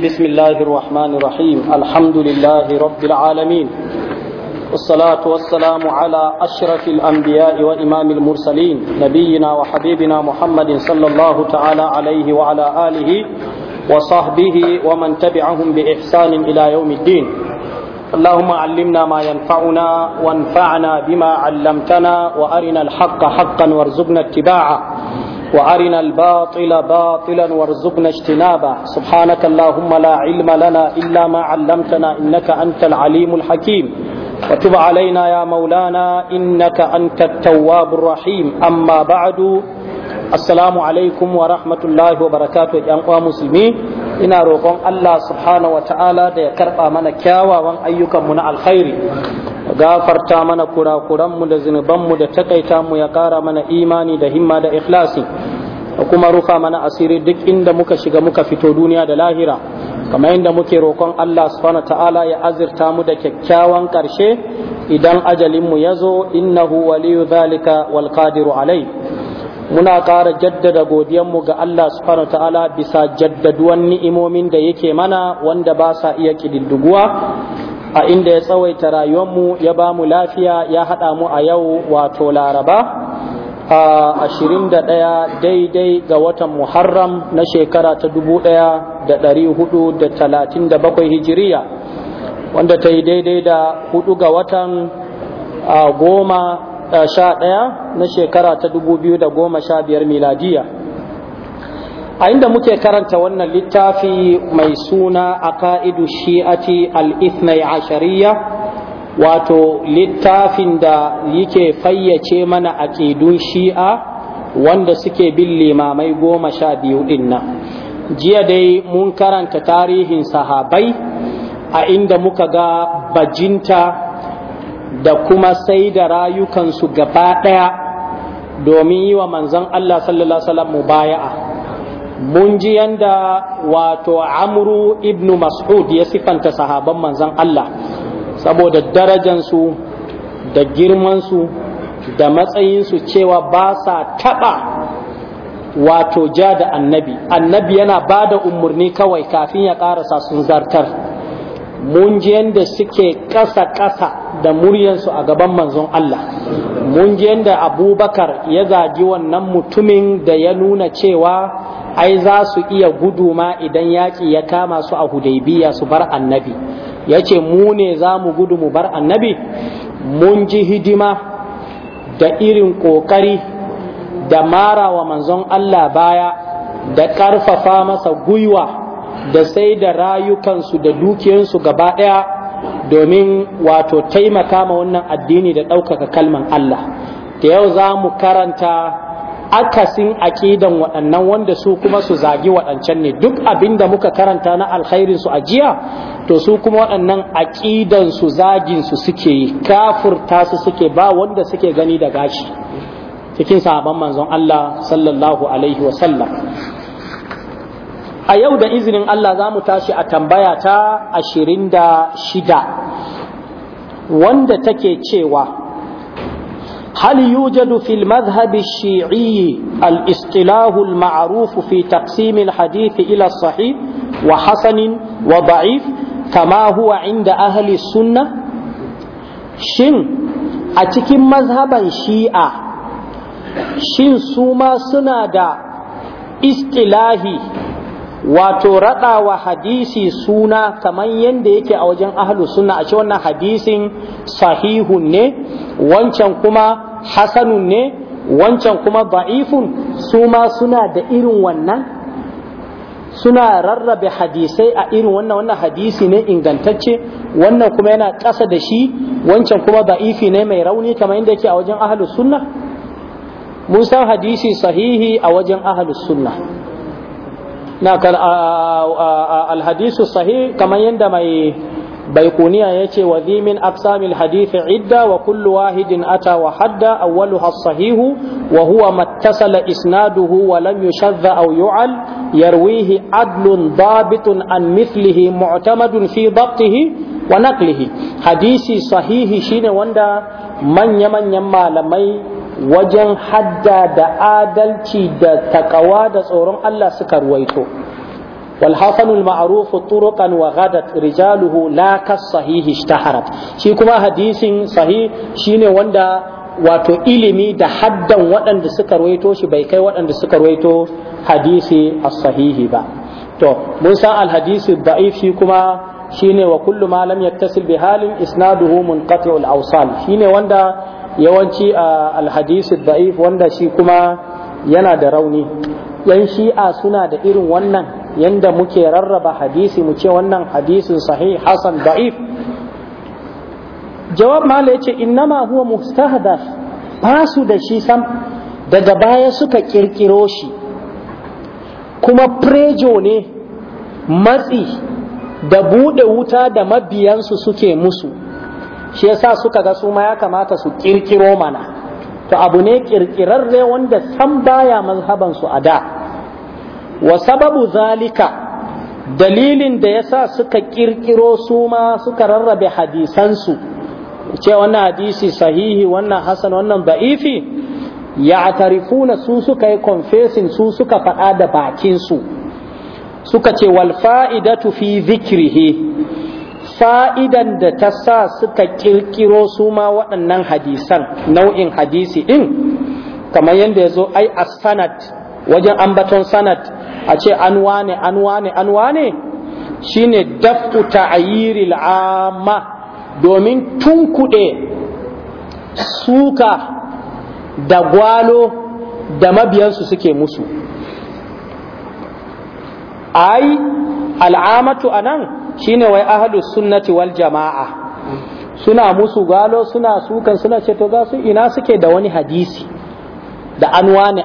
بسم الله الرحمن الرحيم الحمد لله رب العالمين والصلاة والسلام على أشرف الأنبياء وإمام المرسلين نبينا وحبيبنا محمد صلى الله تعالى عليه وعلى آله وصحبه ومن تبعهم بإحسان إلى يوم الدين اللهم علمنا ما ينفعنا وانفعنا بما علمتنا وأرنا الحق حقا وارزقنا اتباعه وارنا الباطل باطلا وارزقنا اجتنابه سبحانك اللهم لا علم لنا الا ما علمتنا انك انت العليم الحكيم وتب علينا يا مولانا انك انت التواب الرحيم اما بعد السلام عليكم ورحمه الله وبركاته يا مسلمين ina roƙon Allah subhanahu wa ta'ala da ya karɓa mana kyawawan ayyukanmu na alkhairi gafarta mana kurakuranmu da zunubanmu da takaita mu ya kara mana imani da himma da ikhlasi da kuma rufa mana asiri duk inda muka shiga muka fito duniya da lahira kamar inda muke roƙon Allah subhanahu ta'ala ya azirta mu da kyakkyawan karshe idan ajalinmu ya zo innahu waliyu zalika wal qadiru alai muna ƙara jaddada godiyanmu ga Allah subhanahu ta'ala bisa jaddaduwan ni'imomin da yake mana wanda ba sa iya kididduguwa a inda ya tsawaita rayuwanmu ya ba mu lafiya ya haɗa mu a yau wato laraba a ashirin da ɗaya daidai ga watan muharram na shekara ta dubu ɗaya da ɗari hudu da da bakwai hijiriya wanda ta yi daidai da hudu ga watan goma sha ɗaya na shekara ta dubu biyu miladiya a inda muke karanta wannan littafi mai suna a ka'idu shi'ati al-ithnai ashariya wato littafin da yake fayyace mana aƙidun shi'a wanda suke bin limamai goma sha biyu dinna jiya dai mun karanta tarihin sahabai a inda muka ga bajinta da kuma sai da rayukansu gaba ɗaya domin yi wa manzon Allah sallallahu Alaihi wasallam mubaya'a mun ji yanda wato amru ibnu mas'ud ya sifanta sahaban manzon Allah saboda darajansu da girmansu da matsayinsu cewa ba sa taɓa wato ja da annabi annabi yana ba da umarni kawai kafin ya ƙarasa sun zartar mun ji yanda suke ƙasa-ƙasa da muryansu a gaban manzon Allah mun ji yanda abubakar ya zagi wannan mutumin da ya nuna cewa ai za su iya gudu ma idan yaƙi ya kama su a hudaybiya su bar annabi ya ce mu ne za mu gudu mu bar annabi mun ji hidima da irin ƙoƙari da mara wa manzon Allah baya da ƙarfafa masa gwiwa da sai da rayukansu da dukiyansu gaba ɗaya domin wato taimaka ma wannan addini da ɗaukaka kalman Allah da yau za mu karanta akasin aƙidan waɗannan wanda su kuma su zagi waɗancan ne duk abin da muka karanta na alkhairin su ajiya to su kuma waɗannan aqidan su zagin su suke yi kafurta su suke ba wanda suke gani da gashi cikin sahabban manzon Allah sallallahu alaihi wa sallam a yau da izinin Allah za mu tashi a tambaya ta ashirin da shida wanda take cewa هل يوجد في المذهب الشيعي الاصطلاح المعروف في تقسيم الحديث إلى الصحيح وحسن وضعيف كما هو عند أهل السنة شن أتكم مذهبا شيعة شن سوما سنادا اصطلاحي wato raɗa wa hadisi suna kamar yadda yake a wajen ahlu suna a ce wannan hadisin sahihun ne wancan kuma hasanun ne wancan kuma ba'ifun su ma suna da irin wannan suna rarrabe hadisai a irin wannan wannan hadisi ne ingantacce wannan kuma yana ƙasa da shi wancan kuma ba'ifi ne mai rauni kamar yadda yake a wajen ahlu sunna mun san hadisi sahihi a wajen ahlu sunna na alhadisu sahih kamar yadda mai baikuniya ya ce wa zimin aksamil hadithi idda wa kullu wahidin ata wa hadda awwaluha sahihu wa huwa mattasala isnaduhu wa lam yushadda aw yu'al yarwihi adlun dabitun an mithlihi mu'tamadun fi dabtihi wa naqlihi hadisi sahihi shine wanda manya manyan malamai wajen hadda da adalci da takawa da tsoron Allah suka ruwaito والحسن المعروف طرقا وغدت رجاله لا كالصحيح اشتهرت شي كما حديث صحيح شيني وندا wato ilimi da haddan waɗanda suka ruwaito shi bai kai waɗanda suka ruwaito hadisi a sahihi ba to mun san al-hadisi shi kuma shine wa kullu ma lam yattasil bi halin isnaduhu munqati'ul awsal shine wanda yawanci a alhadisi da'if wanda shi kuma yana da rauni yan shi'a suna da irin wannan yanda muke rarraba hadisi mu ce wannan hadisin sahih hasan da'if jawab mala yace innama huwa mustahdath ba su da shi sam daga baya suka kirkiro shi kuma prejo ne matsi da buɗe wuta da mabiyansu suke musu shi yasa suka ga su ma ya kamata su kirkiro mana to abu ne kirkirarre wanda san baya mazhaban su a da wa sababu zalika dalilin da yasa suka kirkiro su ma suka rarrabe hadisansu ce wannan hadisi sahihi wannan hasan wannan da'ifi tarifuna su suka yi confessing su suka faɗa da bakin su suka ce wal fa'idatu fi zikrihi fa'idan da ta sa suka kirkiro su ma waɗannan hadisan nau'in hadisi ɗin kamar yadda ya zo ai a sanat wajen ambaton sanat a ce an wane an wane an wane shi ne shine daf'u ta'ayiril la'ama domin tunkuɗe suka da gwalo da mabiyansu suke musu ai al'amatu anan shine wai ahadu sunnati wal jama'a suna musu galo suna sukan suna ce to ga su ina suke da wani hadisi da an anwani,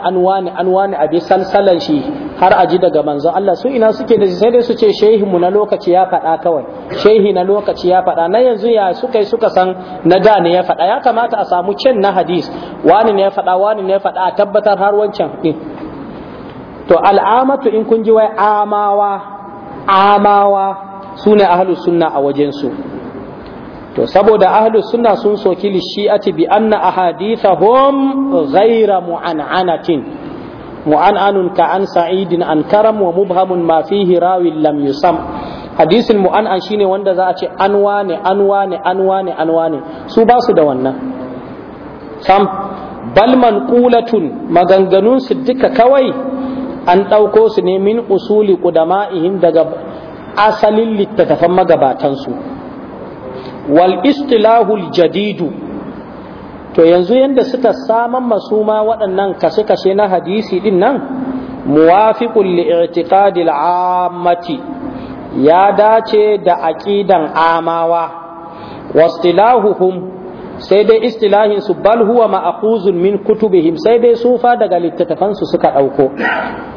an an abi salsalan shi har aji daga manzo Allah su ina suke da sai dai su ce shehi mu na lokaci ya faɗa kawai shehi na lokaci ya faɗa na yanzu ya suka yi suka san na da ne ya faɗa ya kamata a samu cin na hadis wani ne ya faɗa wani ne ya faɗa a tabbatar har wancan din to al'amatu in kun ji wai amawa amawa su ne ahalus sunna a wajensu to saboda ahalus sunna sun soki lishi'ati bi anna ahadithahum ghaira mu'an'anatin mu'an'anun ka an sa'idin an karam wa mubhamun ma fihi rawin lam yusam hadisin mu'an'an shine wanda za a ce an wane an wane an wane an wane su ba su da wannan sam bal qulatun maganganun su kawai an ɗauko su ne min usuli qudama'ihim daga asalin littattafan magabatansu wal istilahul jadidu to yanzu yadda suka saman masuma waɗannan kashe-kashe na hadisi din nan muwafiqul li'tiqadil ammati ya dace da aqidan amawa wastilahuhum sai dai istilahin su bal huwa ma'quzun min kutubihim sai dai sufa daga littattafansu suka ɗauko.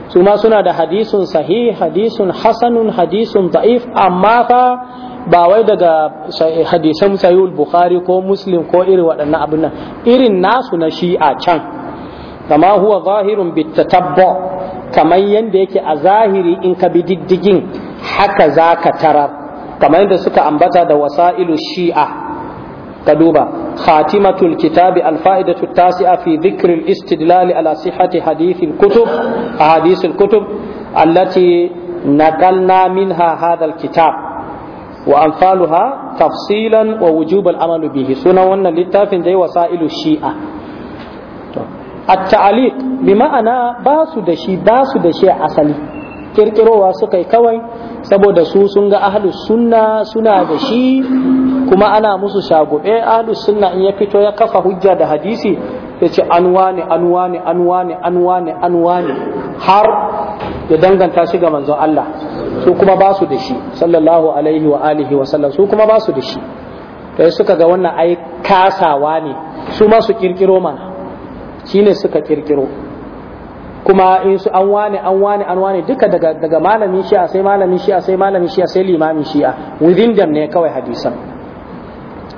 su ma suna da hadisun sahi hadisun hasanun hadisun da'if amma fa ba wai daga hadisan sahihul bukhari ko muslim ko irin waɗannan abin nan irin nasu na shi'a can kama huwa zahirun bitatabbu kamar yadda yake a zahiri in ka bi diddigin haka za ka tarar kamar yadda suka ambata da wasa'ilu shi'a ka duba خاتمة الكتاب الفائدة التاسعة في ذكر الاستدلال على صحة حديث الكتب أحاديث الكتب التي نقلنا منها هذا الكتاب وأنفالها تفصيلا ووجوب العمل به سنة وأن للتافن دي وسائل الشيعة التعليق بمعنى باسو دشي باسو دشي أصلي كيركرو واسقي yi saboda su sun ga ahlus sunna suna da shi kuma ana musu shagube ahlus sunna in ya fito ya kafa hujja da hadisi ya ce an wane an wane an an har ya danganta shi ga manzon Allah su kuma ba su da shi sallallahu alaihi wa alihi wa sallam su kuma ba su da shi da suka ga wannan ai kasawa ne su ma su kirkiro mana shine suka kirkiro kuma in su an wane an wane an wane duka daga daga malamin shi'a sai malamin shi'a sai malamin shi'a sai limamin shi'a within them ne kawai hadisan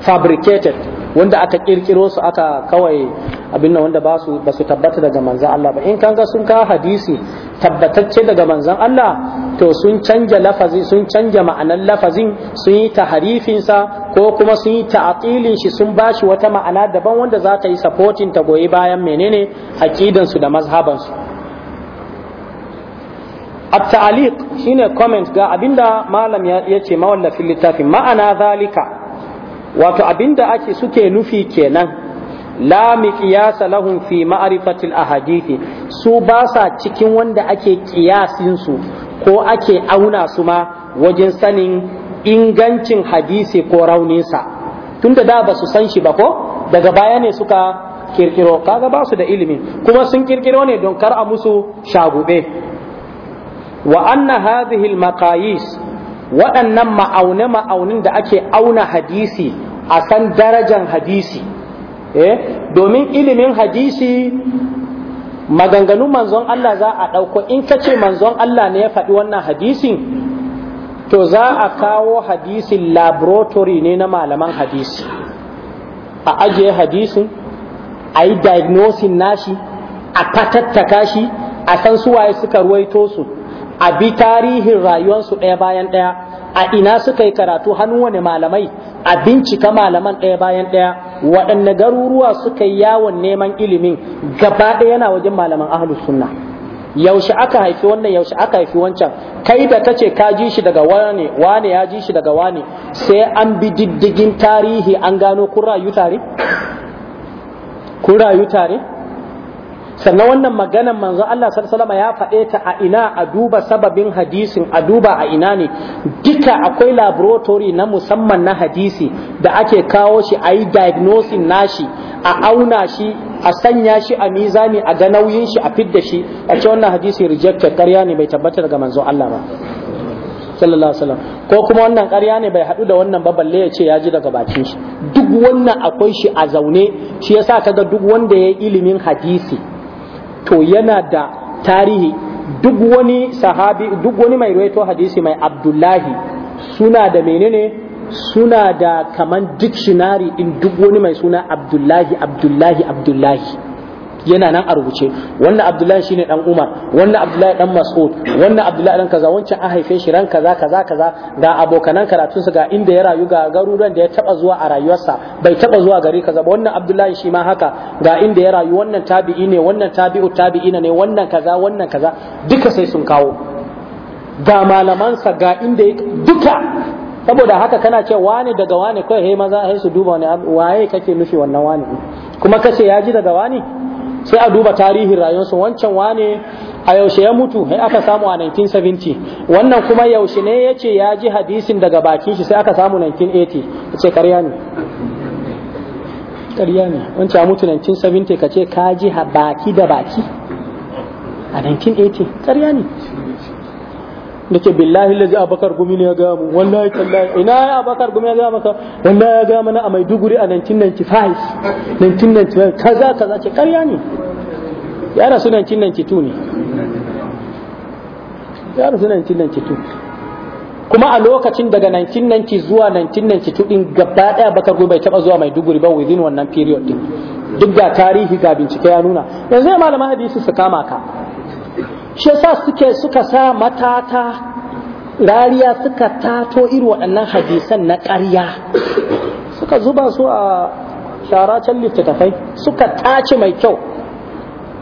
fabricated wanda aka kirkiro su aka kawai abin nan wanda ba su tabbata daga manzan Allah ba in kan ga sun kawo hadisi tabbatacce daga manzan Allah to sun canja lafazi sun canja ma'anar lafazin sun yi taharifin sa ko kuma sun yi ta'atilin shi sun bashi wata ma'ana daban wanda za ta yi supporting ta goyi bayan menene aqidan su da mazhabansu. at alik shine comment ga abinda malam ya ce mawallafin littafin ma'ana zalika wato abinda ake suke nufi kenan la miqyasa lahum fi a ahadithi su ba sa cikin wanda ake ƙiyasinsu su ko ake auna su ma wajen sanin ingancin hadisi ko rauninsa tunda da ba su san shi ba ko daga baya ne suka kirkiro kaga ba su da ilimi kuma sun kirkiro ne don kar a musu shagube wa anna hadhihi al-maqayis waɗannan ma'aune ma'aunin da ake auna hadisi a san darajan hadisi eh domin ilimin hadisi maganganu manzon Allah za a ɗauko in ka ce manzon Allah ne ya faɗi wannan hadisin to za a kawo hadisin laboratory ne na malaman hadisi a ajiye hadisin a yi diagnosis nashi a fatattaka shi a san suwaye suka ruwaito su a bi tarihin rayuwarsu ɗaya bayan ɗaya a ina suka yi karatu hannu wani malamai a bincika malaman ɗaya bayan ɗaya waɗanne garuruwa suka yi yawon neman ilimin gaba ɗaya yana wajen malaman ahlus sunna yaushe aka haifi wannan yaushe aka haifi wancan kai da kace ka ji shi daga wane wane ya ji shi daga wane sai an bi diddigin tarihi an gano kun rayu tare kun rayu tare sannan wannan maganan manzo Allah sallallahu ya faɗe ta a ina a duba sababin hadisin a duba a ina ne duka akwai laboratory na musamman na hadisi da ake kawo shi a yi diagnosing nashi a auna shi a sanya shi a mizani a ga nauyin shi a fidda shi a ce wannan hadisi rejected ƙarya ne bai tabbata daga manzo Allah ba sallallahu alaihi wasallam ko kuma wannan ƙarya ne bai haɗu da wannan ba balle ya ce ya ji daga bakin shi duk wannan akwai shi a zaune shi yasa kaga duk wanda ya yi ilimin hadisi to yana da tarihi duk wani sahabi duk wani mai rawaito hadisi mai abdullahi suna da menene suna da kaman dictionary in duk wani mai suna abdullahi abdullahi abdullahi yana nan a rubuce wannan abdullahi shine dan umar wannan abdullahi dan mas'ud wannan abdullahi dan kaza wancan an haife shi ran kaza kaza kaza ga abokanan karatun su ga inda ya rayu ga garuruwan da ya taba zuwa a rayuwarsa bai taba zuwa gari kaza ba wannan abdullahi shi ma haka ga inda ya rayu wannan tabi'i ne wannan tabi'u tabi'ina ne wannan kaza wannan kaza duka sai sun kawo ga malamansa ga inda duka saboda haka kana ce wani daga wani kai he maza sai su duba wani waye kake nufi wannan wani kuma kace ya ji daga wani sai a duba tarihin rayuwarsu wancan wane a yaushe ya mutu sai aka samu a 1970 wannan kuma yaushe ne ya ce ya ji hadisin daga bakin shi sai aka samu 1980 ce karya ne karya ne wancan mutu 1970 ka ce ka ji baki da baki a 1980 karya ne nake billahi lazi abakar gumi ne ya gaya mu wallahi tallahi ina ya abakar gumi ya gaya maka wallahi ya gaya mana a maiduguri a 1995 1995 kaza kaza ce karya ne ya rasu 1992 ne ya rasu 1992 kuma a lokacin daga 1990 zuwa 1992 din gaba daya bakar gumi bai taba zuwa maiduguri ba within wannan period din duk da tarihi ga bincike ya nuna yanzu ya malaman hadisi su kama ka shi yasa suke suka sa matata rariya suka tato irin waɗannan hadisan na ƙarya suka zuba su a shara can littattafai suka tace mai kyau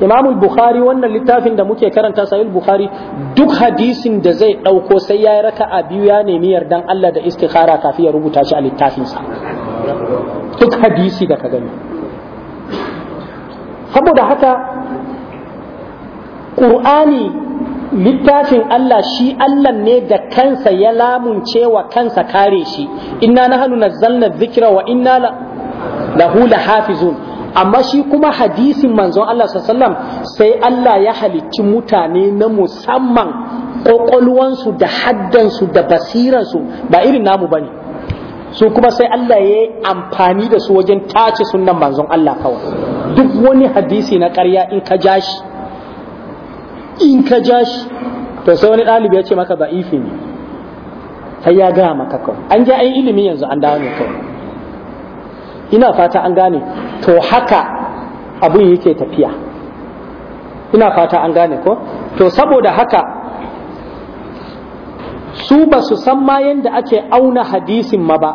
imamul buhari wannan littafin da muke karanta sahih buhari duk hadisin da zai ɗauko sai ya yi raka a biyu ya nemi yardan Allah da istikhara kafin ya rubuta shi a littafinsa duk hadisi da ka gani saboda haka ƙur'ani littafin Allah shi Allah ne da kansa ya lamunce wa kansa kare shi inna na hannu nazzalna zikira wa inna lahu la hafizun amma shi kuma hadisin manzon Allah sallam sai Allah ya halicci mutane na musamman ƙwaƙwalwansu da haddansu da basiransu ba irin namu bane su kuma sai Allah ya yi amfani da su wajen tace sunan manzon Allah kawai duk wani hadisi na ƙarya in ka ja shi in ka ja shi to sai wani ɗalibi ya ce maka za'ifi ne sai ya gaya maka kawai an ja an ilimi yanzu an dawo ne kawai ina fata an gane to haka abin yake tafiya ina fata an gane ko to saboda haka su ba su san ma yadda ake auna hadisin ma ba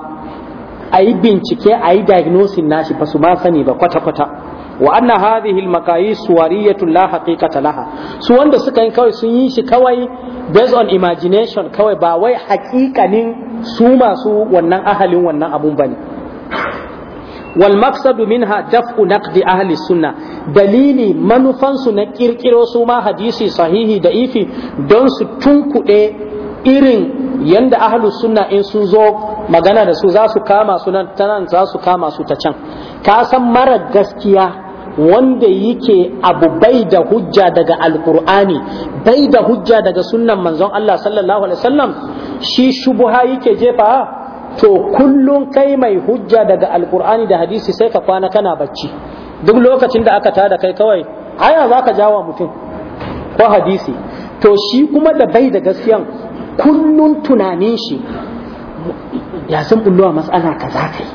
a yi bincike a yi diagnosis nashi ba su ma sani ba kwata-kwata wa anna hadhihi al-maqayis suwariyatun la haqiqata laha su wanda suka yi kawai sun yi shi kawai based on imagination kawai ba wai haƙiƙanin su masu wannan ahalin wannan abun bane wal maqsadu minha daf'u naqdi ahli sunna dalili manufansu na kirkiro su ma hadisi sahihi da ifi don su tunkuɗe irin yanda ahli sunna in sun zo magana da su za su kama su nan ta nan za su kama su ta can ka san mara gaskiya wanda yake abu bai da hujja daga alkur'ani bai da hujja daga sunnan manzon Allah sallallahu alaihi wasallam shi shubuha yake jefa to kullun kai mai hujja daga alkur'ani da hadisi sai ka kwana kana bacci duk lokacin da aka tada kai kawai aya za ka jawa mutum ko hadisi to shi kuma da bai da gaskiyan kullun tunanin shi ya san bullowa matsala kaza kai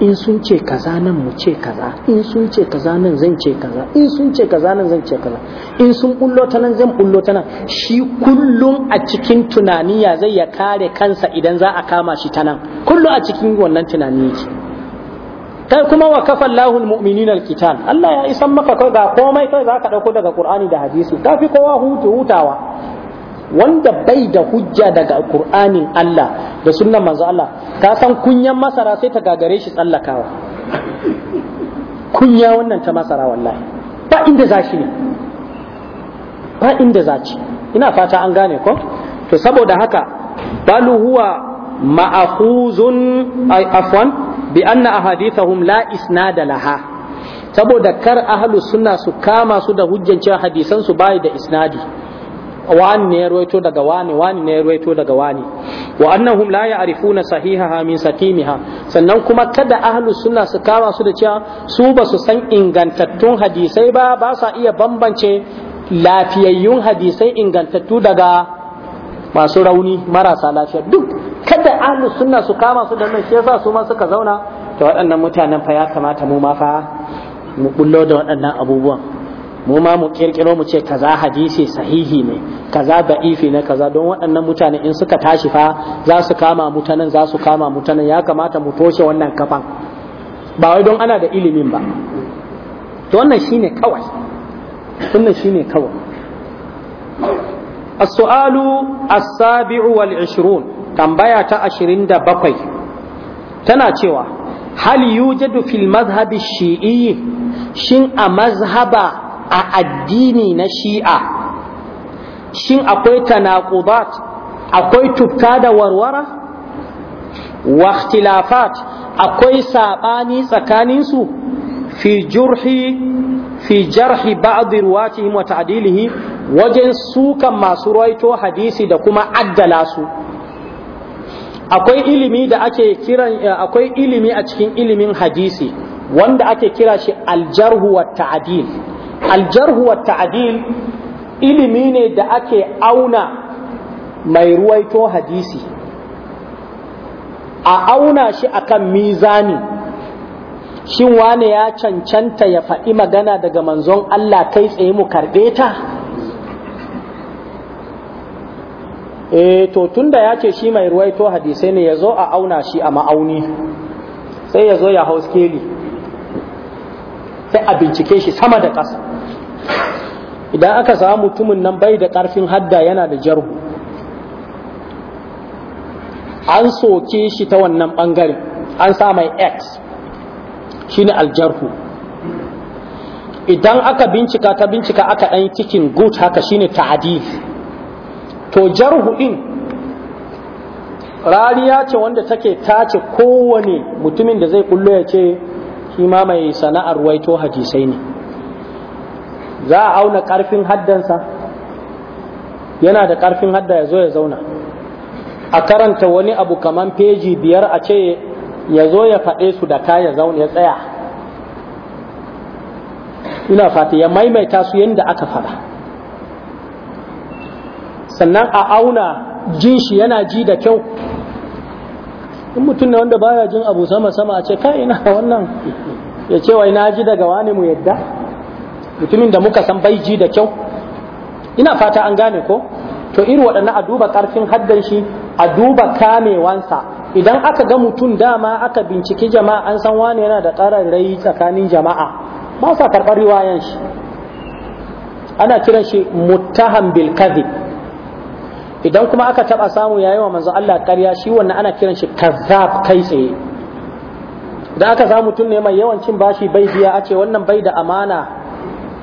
in sun ce kaza nan mu ce kaza in sun ce kaza nan zan ce kaza in sun ce kaza nan zan ce kaza in sun bullo ta nan zan bullo ta nan shi kullum a cikin tunani ya zai ya kare kansa idan za a kama shi ta nan kullum a cikin wannan tunani yake kai kuma wa kafa Allahul mu'minin alkitan Allah ya isan maka kai ga komai kai za ka dauko daga Qur'ani da hadisi kafi kowa hutu hutawa wanda bai da hujja daga alkur'anin Allah da sunnan manzo Allah ka san kunyan masara sai ta gagare shi tsallakawa kunya wannan ta masara wallahi ba inda za ne ba inda za ina fata an gane ko to saboda haka balu huwa ma'akhuzun ay afwan bi anna ahadithahum la isnada laha saboda kar ahlu sunna su kama su da hujjan cewa hadisan su bai da isnadi wani ne ruwaito daga wani wani ne ruwaito daga wani wa annahum la ya'rifuna sahihaha min sakimiha sannan kuma kada ahlus sunna su kama su da cewa su ba su san ingantattun hadisai ba ba sa iya bambance lafiyayyun hadisai ingantattu daga masu rauni marasa lafiya duk kada ahlus sunna su kama su da nan shi yasa su ma suka zauna to waɗannan mutanen fa ya kamata mu ma fa mu bullo da waɗannan abubuwan mu ma mu kirkiro mu ce kaza hadisi sahihi ne kaza da'ifi ne kaza don waɗannan mutane in suka tashi fa za su kama mutanen za su kama mutanen ya kamata mu toshe wannan kafan ba wai don ana da ilimin ba to wannan shine kawai wannan shine kawai as-sabi'u wal 20 tambaya ta 27 tana cewa hal yujadu fil المذهب shi'i shin a mazhaba a addini na shi'a shin akwai tanaqudat akwai tufka da warwara wa akwai sabani tsakaninsu fi jurhi fi jarhi ba'd ruwatihim wa ta'dilihi wajen sukan masu ruwaito hadisi da kuma addala su akwai ilimi da ake akwai ilimi a cikin ilimin hadisi wanda ake kira shi aljarhu wa ta'dil aljarhu wa ta'dil ilimi ne da ake auna mai ruwaito hadisi a auna shi akan mizani shin wane ya cancanta ya faɗi magana daga manzon Allah kai tsaye mu karɓe ta e to tunda ya ce shi mai ruwaito hadisai ne ya zo a auna shi a ma'auni sai ya zo ya hau skeli sai a bincike shi sama da ƙasa idan aka samu mutumin nan bai da ƙarfin hadda yana da jarhu an soke shi ta wannan ɓangare an sa mai x shine aljarhu idan aka bincika ta bincika aka ɗan cikin gut haka shine ta'adil to jarhu ɗin rariya ce wanda take tace kowane mutumin da zai kullo ya ce shi ma mai sana'ar waito hadisai ne za a auna ƙarfin haddansa yana da ƙarfin hadda ya zo ya zauna a karanta wani abu kamar peji biyar a ce ya zo ya faɗe su da ka ya zauna ya tsaya ina fata ya maimaita su yadda aka faɗa sannan a auna jin shi yana ji da kyau in mutum ne wanda baya jin abu sama sama a ce kai ina wannan ya ce wai na ji daga wani mu yadda mutumin da muka san bai ji da kyau ina fata an gane ko to irin waɗannan a duba ƙarfin haddan shi a duba kamewansa idan aka ga mutum dama aka binciki jama'a an san wani yana da ƙararrai tsakanin jama'a ba sa karɓar riwayan shi ana kiran shi muttaham bil kadhib idan kuma aka taɓa samu yayi wa manzo Allah ƙarya shi wannan ana kiran shi kazzab kai tsaye idan aka samu mutum ne mai yawan cin bashi bai biya a ce wannan bai da amana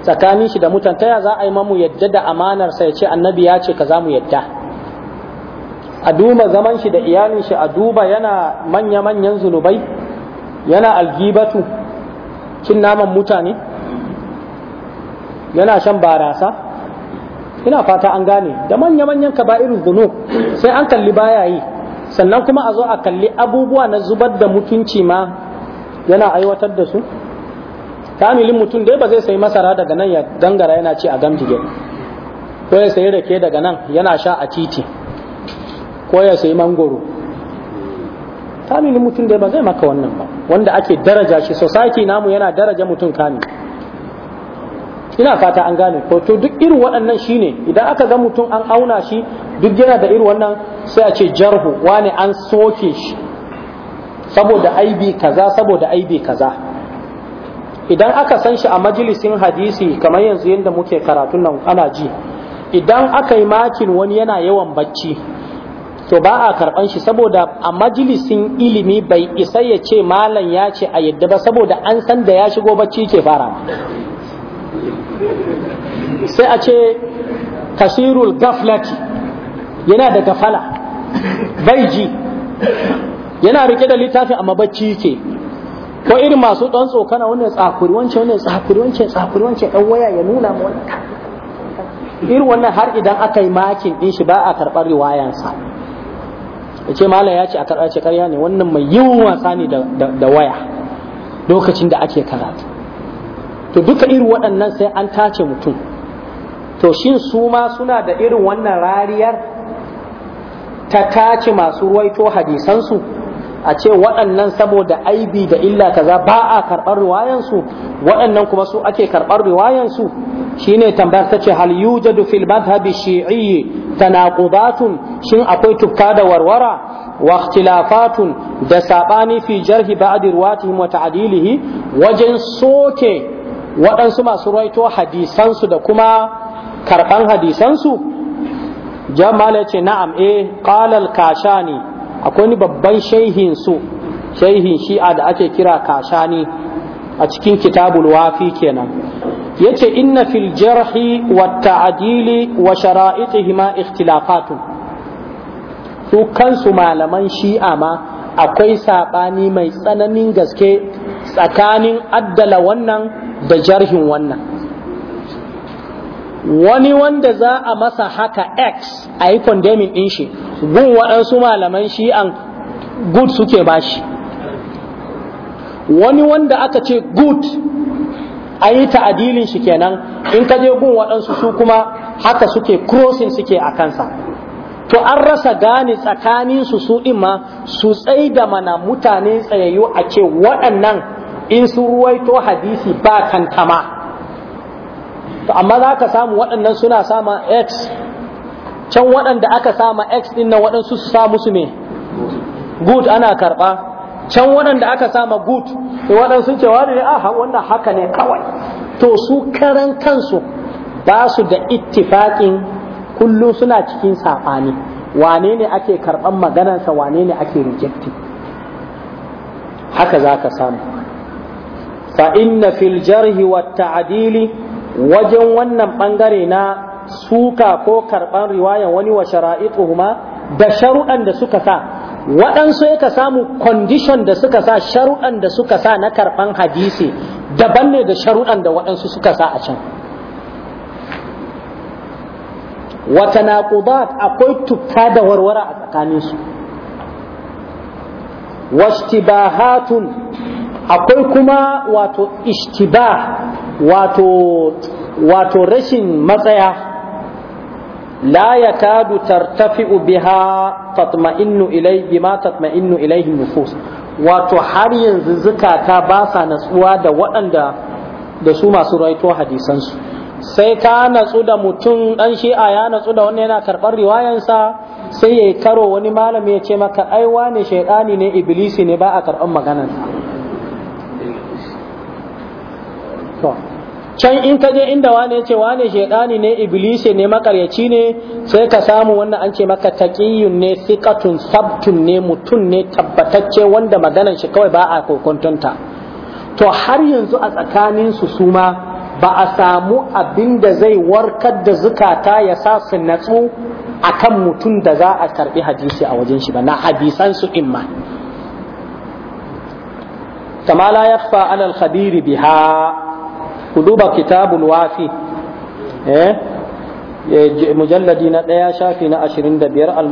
tsakanin shi da mutan taya za a yi mamu yadda da amanar sa ya ce annabi ya ce ka za mu yadda a duba zaman shi da iyalin shi a duba yana manya-manyan zunubai yana algibatu cin naman mutane yana shan barasa ina fata an gane da manya-manyan irin zunub sai an kalli baya yi sannan kuma a zo a kalli abubuwa na zubar da mutunci ma yana aiwatar da su kamilin mutum dai ba zai sayi masara daga nan ya gangara yana ci a gamjige ko ya sayi rake daga nan yana sha a titi ko ya sayi mangoro kamilin mutum dai ba zai maka wannan ba wanda ake daraja shi society namu yana daraja mutum kamil ina fata an gane ko to duk irin waɗannan shine idan aka ga mutum an auna shi duk yana da irin wannan sai a ce jarhu wane an soke shi saboda aibi kaza saboda aibi kaza idan aka san shi a majalisin hadisi kamar yanzu yadda muke karatu nan ana ji idan aka yi makin wani yana yawan bacci to ba a karban shi saboda a majalisin ilimi bai isa ya ce malam ya ce a yadda ba saboda an san da ya shigo bacci ke fara sai a ce kasirul gaflati yana da gafala bai ji yana rike da littafi amma bacci ke ko irin masu ɗan tsokana wani tsakuri wancan wani tsakuri wancan tsakuri wancan ɗan waya ya nuna mu wannan irin wannan har idan aka yi makin ɗin shi ba a karɓar riwayansa ya ce malam ya ce a karɓar ce karya ne wannan mai yin wasa ne da waya lokacin da ake karatu to duka irin waɗannan sai an tace mutum to shin su ma suna da irin wannan rariyar ta tace masu ruwaito hadisansu a ce waɗannan saboda aibi da illa kaza ba a karɓar riwayansu waɗannan kuma su ake karɓar riwayansu shine tambayar ta ce hal yujadu fil madhhabi shi'iyyi tanaqubatun shin akwai tufka da warwara wa ikhtilafatun da sabani fi jarhi ba'd riwayatihim wa ta'dilihi wajen soke waɗansu masu raito hadisansu da kuma karɓan hadisansu jama'a ce na'am eh qala al-kashani akwai wani babban shaihin su shaihin shi'a da ake kira kashani a cikin kitabul wafi kenan yace inna fil jarhi wa ta'dili wa shara'itihi ma ikhtilafatun su kansu malaman shi'a ma akwai sabani mai tsananin gaske tsakanin addala wannan da jarhin wannan wani wanda za a masa haka x a yi condemning din shi gun waɗansu malaman shi an good suke bashi wani wanda aka ce good a yi ta'adilin shi kenan in ka je gun waɗansu su kuma haka suke crossing suke a kansa to an rasa gani tsakanin su su ma su tsai da mana mutane tsayayyu a ce waɗannan in su ruwaito hadisi ba kantama to amma za ka samu waɗannan suna sama x can waɗanda aka sama x ɗin nan waɗansu su sa musu ne? good ana karɓa can waɗanda aka sama good waɗansu ce wani ne aha wannan haka ne kawai to su karan kansu ba su da ittifaƙin kullum suna cikin saɓani wane ne ake karɓan maganarsa wane ne ake rejecting haka za ka samu fa inna fil jarhi wa ta'dili wajen wannan bangare na suka ko karban riwayan wani wa shara'ituhuma da sharuɗan da suka sa waɗansu ya samu condition da suka sa sharuɗan da suka sa na karban hadisi daban ne da sharuɗan da waɗansu suka sa a can wata naƙuda akwai tuffa da warwara a tsakaninsu wastibahatun akwai kuma wato ishtiba wato wato rashin matsaya la yakadu tartafi'u biha tatma'innu ilai bima tatma'innu ilaihi nufus wato har yanzu zukata ba sa natsuwa da waɗanda da su masu raito hadisansu sai ta natsu da mutum ɗan shi'a ya natsu da wannan yana karɓar riwayansa sai ya karo wani malami ya ce maka ai wane shaidani ne iblisi ne ba a karɓar maganarsa can in ka je inda wane ce wane shedani ne iblise ne makaryaci ne sai ka samu wannan an ce maka taqiyun ne siqatun sabtun ne mutun ne tabbatacce wanda maganan shi kawai ba a kokontunta to har yanzu a tsakanin su suma ba a samu abin da zai warkar da zukata ya sa su natsu akan mutum da za a karbi hadisi a wajen shi ba na hadisan su imma kama la yakhfa ala khabiri biha ku duba kitabul wafi eh, eh, mujalladi na ɗaya shafi na ashirin da biyar al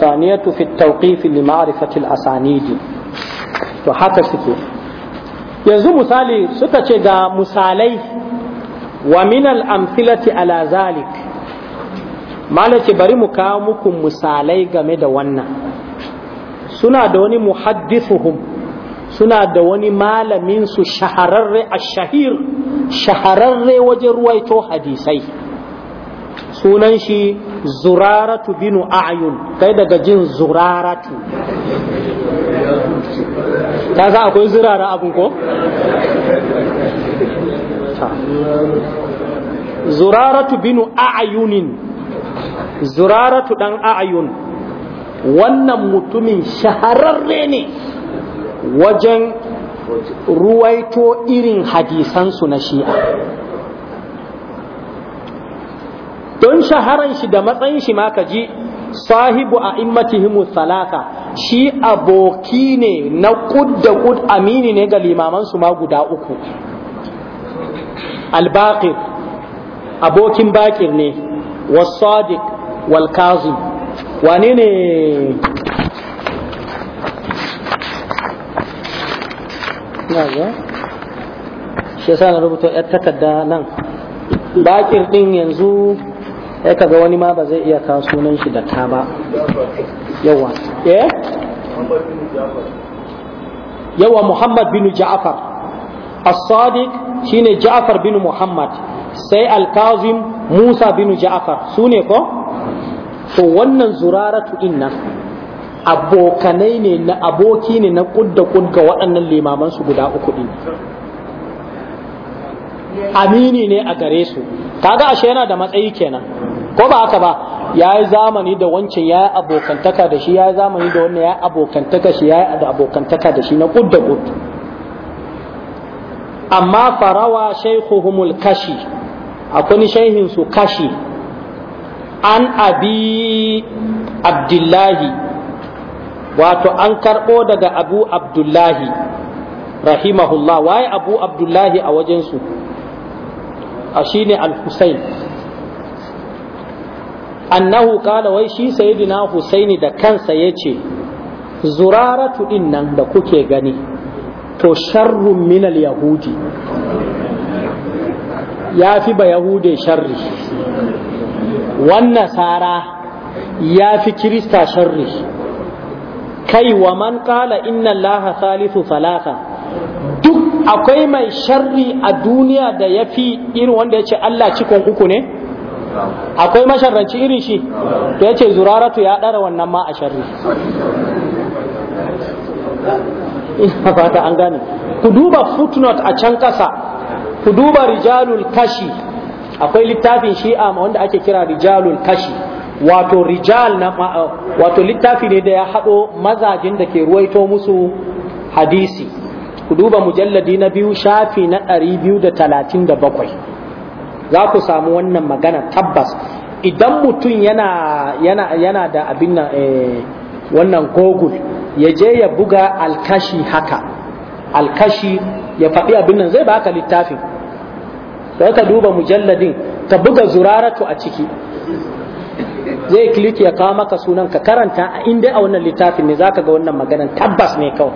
saniyatu fi tawqif li ma'rifati asanidi to haka suke yanzu misali suka ce ga misalai wa min al-amthilati ala zalik malaki bari mu kawo muku misalai game da wannan suna da wani muhaddithuhum suna da wani malamin su shahararre a shahir shahararre wajen ruwaito hadisai sunan shi zuraratu binu ayun kai daga jin zuraratu ta za akwai zurara abin ko? zuraratu binu ayunin zuraratu dan ayun wannan mutumin shahararre ne wajen ruwaito irin hadisansu na shi'a don shaharan shi da matsayin shi ma ka sahibu a immatihimu salata shi aboki ne na kud da kud amini ne ga limamansu ma guda uku albaqir abokin bakir ne wasadiq wal wane ne ina shi yasa na rubuta yar takarda nan bakir din yanzu ya kaga wani ma ba zai iya kawo sunan shi da ta ba yawa eh? yawa muhammad bin ja'far as-sadiq shine ja'far bin muhammad sai al-kazim musa bin ja'far sune ko to wannan zuraratu nan. abokanai ne na aboki ne na kudda kudga waɗannan limaman su guda uku din amini ne a gare su kaga ashe yana da matsayi kenan ko ba haka ba ya yi zamani da wancan ya yi abokantaka da shi ya yi zamani da wannan ya yi abokantaka shi ya yi abokantaka da shi na kudda kud amma farawa shaykhuhumul kashi akwai shaihin su kashi an abi abdullahi wato an karɓo daga abu abdullahi rahimahullah waye abu abdullahi a wajensu a shi ne al-husain annahu kala wai shi sayidina husaini da kansa ya ce zuraratu din nan da kuke gani to sharrun minal yahudi ya fi ba yahude sharri wannan sara ya fi kirista sharri kai wa man qala inna allaha Salisu salasa duk akwai mai sharri a duniya da ya fi irin wanda ya ce Allah cikon uku ne akwai masharranci irin shi to ce, zuraratu ya ɗara wannan ma a sharri ina fata an gane ku duba footnote a can ƙasa, ku duba rijalul kashi akwai littafin shi'a wanda ake kira rijalul kashi wato rijal na uh, wato littafi ne da ya haɗo mazajin da ke ruwaito musu hadisi ku duba mujalladi na biyu shafi na ɗari biyu da talatin da bakwai za ku samu wannan magana tabbas idan mutum yana, yana, yana da abin eh, wannan google ya je ya buga alkashi haka alkashi ya faɗi abin nan zai baka littafin sai ka duba mujalladin ka buga zuraratu a ciki zai click ya kawo maka sunan ka karanta a inda a wannan littafin ne zaka ga wannan maganan tabbas ne kawai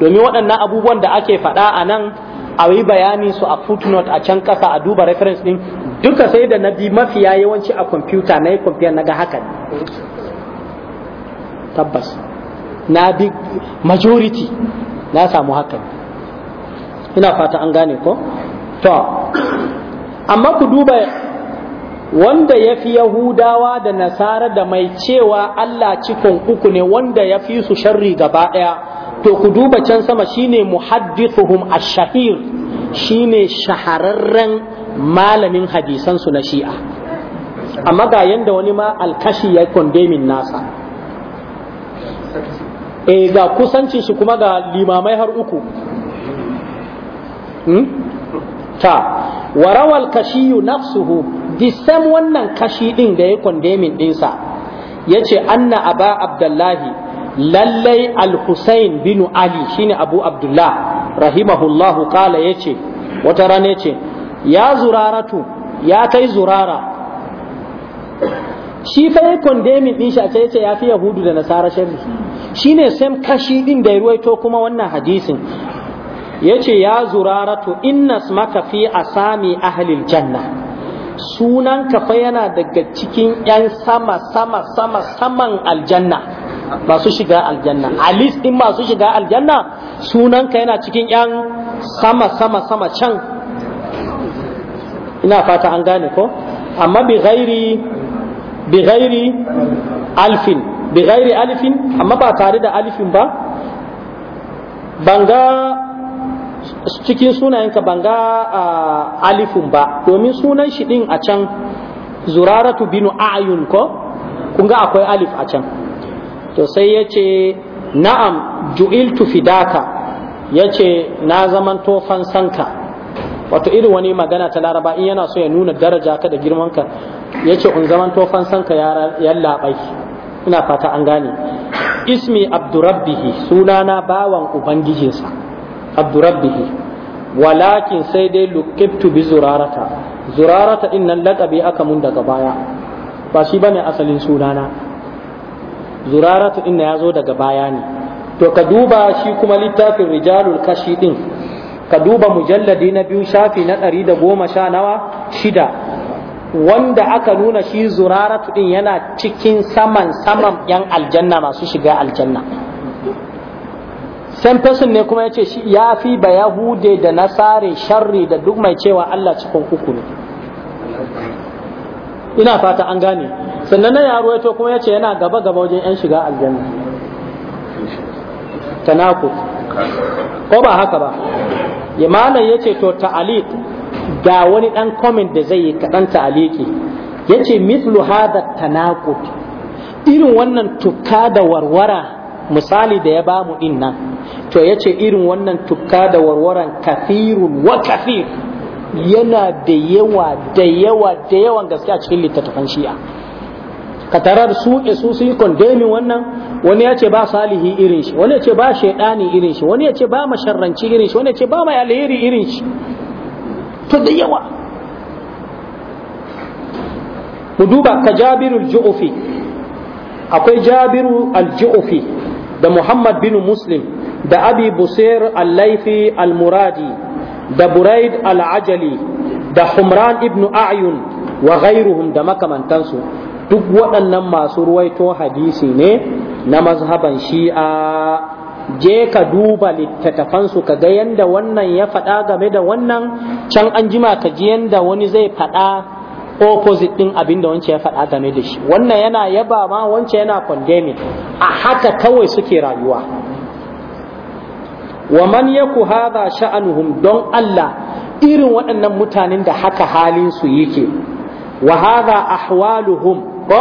domin waɗannan abubuwan da ake faɗa a nan a yi bayani su a footnote a can ƙasa a duba reference din duka sai da na bi mafiya yawanci a kwamfuta na yi kwamfuta na ga haka tabbas na bi majority na samu haka ina fata an gane ko to amma ku duba wanda ya fi yahudawa da nasara da mai cewa Allah cikon uku ne wanda ya fi su sharri gaba ɗaya to ku duba can sama shine muhaddithuhum ash-shahir shine shahararren malamin hadisan na shi'a amma ga yanda wani ma alkashi ya kondemin nasa e ga kusanci shi kuma ga limamai har uku hmm? ta warawal kashiyu nafsuhu disam wannan kashi din da ya kondemin dinsa ya ce anna aba abdullahi lallai al-husain bin ali shine abu abdullah rahimahullahu kala ya ce wata rana ya ce ya zuraratu ya kai zurara shi fa ya kondemin din shi a ce ya fi yahudu da nasara sharri shine sam kashi din da ya ruwaito kuma wannan hadisin yace ya zuraratu inna smaka fi asami ahlil janna sunan kafa yana daga cikin 'yan sama sama sama saman aljanna masu shiga aljanna a list din masu shiga aljanna sunan ka yana cikin 'yan sama sama sama can ina fata an gane ko amma bi ghairi bi ghairi alfin bi ghairi alfin amma ba tare da alfin ba banga cikin sunayenka ban ga alifun ba domin sunan shi din a can zuraratu binu ayun ko kun ga akwai alif a can to sai ya ce na'am ju'iltu fidaka ya ce na zaman tofan sanka wato irin wani magana ta laraba in yana so ya nuna daraja ka da girmanka ya ce un zaman tofan sanka ya labai ina fata an gane ismi abdurabbihi sunana bawan ubangijinsa abdu rabbihi walakin sai dai luqibtu bi zurarata zurarata din nan laqabi aka mun daga baya ba shi bane asalin sunana zurarata din ya zo daga baya ne to ka duba shi kuma littafin rijalul kashi din ka duba mujalladi na biyu shafi na ɗari da goma sha nawa shida wanda aka nuna shi zuraratu din yana cikin saman saman yan aljanna masu shiga aljanna can fesin ne kuma ya ce shi ya fi ba yahude da nasare sharri da duk mai cewa Allah cikin uku ne ina fata an gane sannan na yaro ya to kuma ya ce yana gaba gaba wajen yan shiga aljanna tanakut ko ba haka ba Imana ya ce to ta'aliq ga wani dan comment da zai yi kaɗan ta'aliki ya ce mithlu hadha tanakut irin wannan tuka da warwara misali da ya bamu din nan to yace irin wannan tukka da warwaran kafirun wa kafir yana da yawa da yawa da yawan gaske a cikin littattafan shi'a ka tarar su eh, su su yi wannan wani ya ce ba salihi irin shi wani ya ce ba shaidani irin shi wani ya ce ba masharranci irin shi wani ya ce ba mai alheri irin shi to da yawa mu duba ka jabiru al-ju'fi akwai jabiru al-ju'fi da Muhammad bin Muslim da Abi Busair al-Laifi al-Muradi da Buraid al-Ajali da Humran ibn A'yun wa ghairuhum da makamantansu duk waɗannan masu ruwaito hadisi ne na mazhaban shi'a je ka duba littattafansu ka ga yanda wannan ya faɗa game da wannan can an jima ka ji yanda wani zai faɗa opposite din abin da wancan ya faɗa game da shi wannan yana yaba ma wancan yana condemning a haka kawai suke rayuwa wa man yaku hadha sha'anuhum don Allah irin waɗannan mutanen da haka halin su yake wa hadha ahwaluhum ko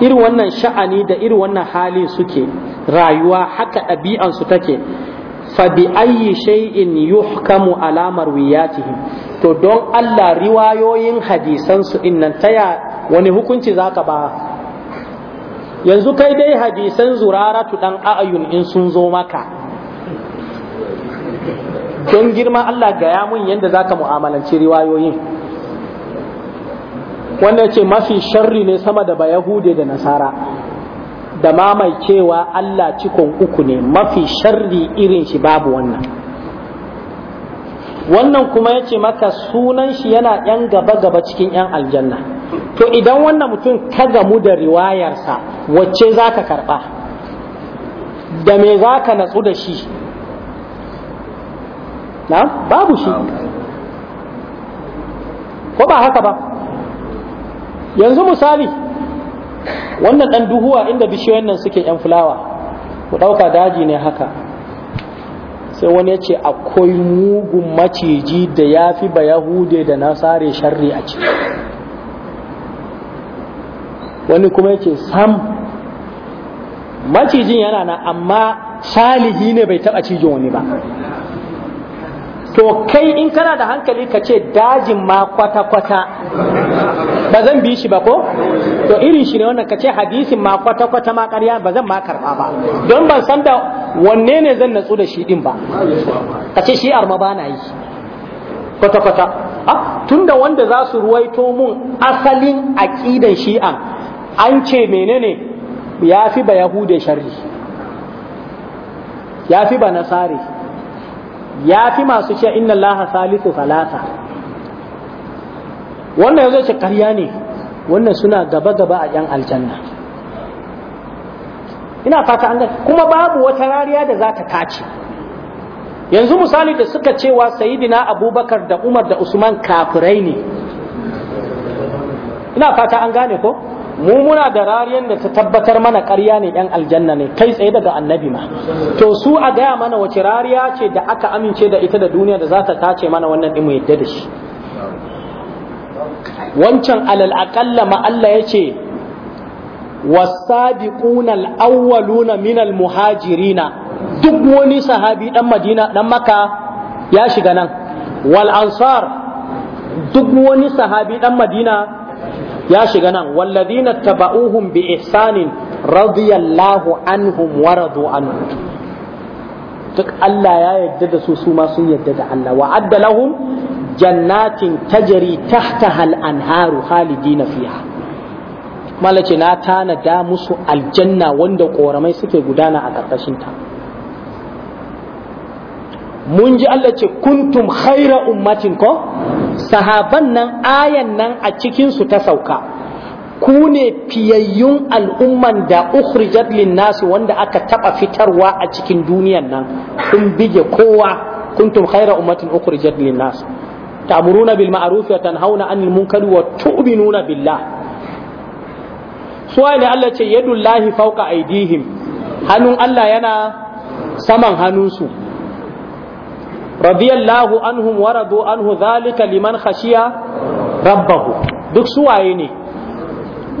irin wannan sha'ani da irin wannan halin suke rayuwa haka su take fa bi ayyi shay'in yuhkamu ala marwiyatihim to don Allah riwayoyin hadisan su innan taya wani hukunci zaka ba yanzu kai dai hadisan zuraratu dan a'ayun in sun zo maka don girma Allah gaya mun yadda zaka mu'amalanci riwayoyin wanda ce mafi sharri ne sama da bayahude da nasara da mamai cewa Allah cikon uku ne mafi sharri irin shi babu wannan wannan kuma ya ce maka sunan shi yana ‘yan gaba-gaba cikin ‘yan aljanna to idan wannan mutum ka gamu da riwayarsa wacce za ka karɓa da me za ka natsu da shi na babu shi ko ba haka ba yanzu misali wannan dan duhuwa inda bishiyoyin nan suke yan fulawa ku ɗauka daji ne haka sai wani ya ce akwai mugun maciji da ya fi ba yahude da nasare sharri a ciki wani kuma ya ce sam macijin yana na amma salihi ne bai taɓa cijin wani ba to kai in kana da hankali ka ce dajin ma kwata-kwata ba zan bi shi ba ko to irin shi ne wannan ka ce hadisin ma kwata-kwata ma ƙarya ba zan ma karɓa ba don ban san da wanne ne zan natsu da shi din ba ka ce shi arma ba na yi kwata-kwata ah, tunda wanda za su ruwaito mun asalin aƙidan shi'a an ce menene ya fi ba yahude sharri ya fi ba nasari ya fi masu ce inna Allah salisu salasa wannan yanzu ce karya ne wannan suna gaba-gaba a yan aljanna ina fata an kuma babu wata rariya da za ta tace. yanzu misali da suka cewa sayidina abubakar da umar da usman kafirai ne ina fata an gane ko mu muna da rariyan da ta tabbatar mana ƙarya ne ɗan aljanna ne kai tsaye daga annabi ma to su a gaya mana wace rariya ce da aka amince da ita da duniya da za ta tace mana wannan ɗin mu yadda da shi wancan alal aƙalla ma Allah ya ce wasabiquna alawwaluna min minal muhajirina duk wani sahabi dan Madina dan Makka ya shiga nan wal ansar duk wani sahabi dan Madina ya shiga nan walladina taba'uhum bi ihsanin radiyallahu anhum wa radu anhu duk Allah ya yarda da su su ma sun yarda da Allah wa adda lahum jannatin tajri tahtaha al-anharu khalidina fiha malace na tanada musu aljanna wanda koramai suke gudana a karkashin ta mun ji Allah ce kuntum khaira ummatin ko sahaban nan ayan nan a cikinsu ta sauka ku ne fiyayyun al'umman da ukhrijat nasu wanda aka taɓa fitarwa a cikin duniyan nan kun bige kowa kuntum khaira ummatin ukhrijat linnas ta'muruna bil ma'ruf wa tanhauna 'anil munkari wa tu'minuna billah suwa ne Allah ce yadullahi fawqa aydihim hannun Allah yana saman hannunsu radiyallahu anhu wa anhu zalika liman khashiya rabahu duk suwaye ne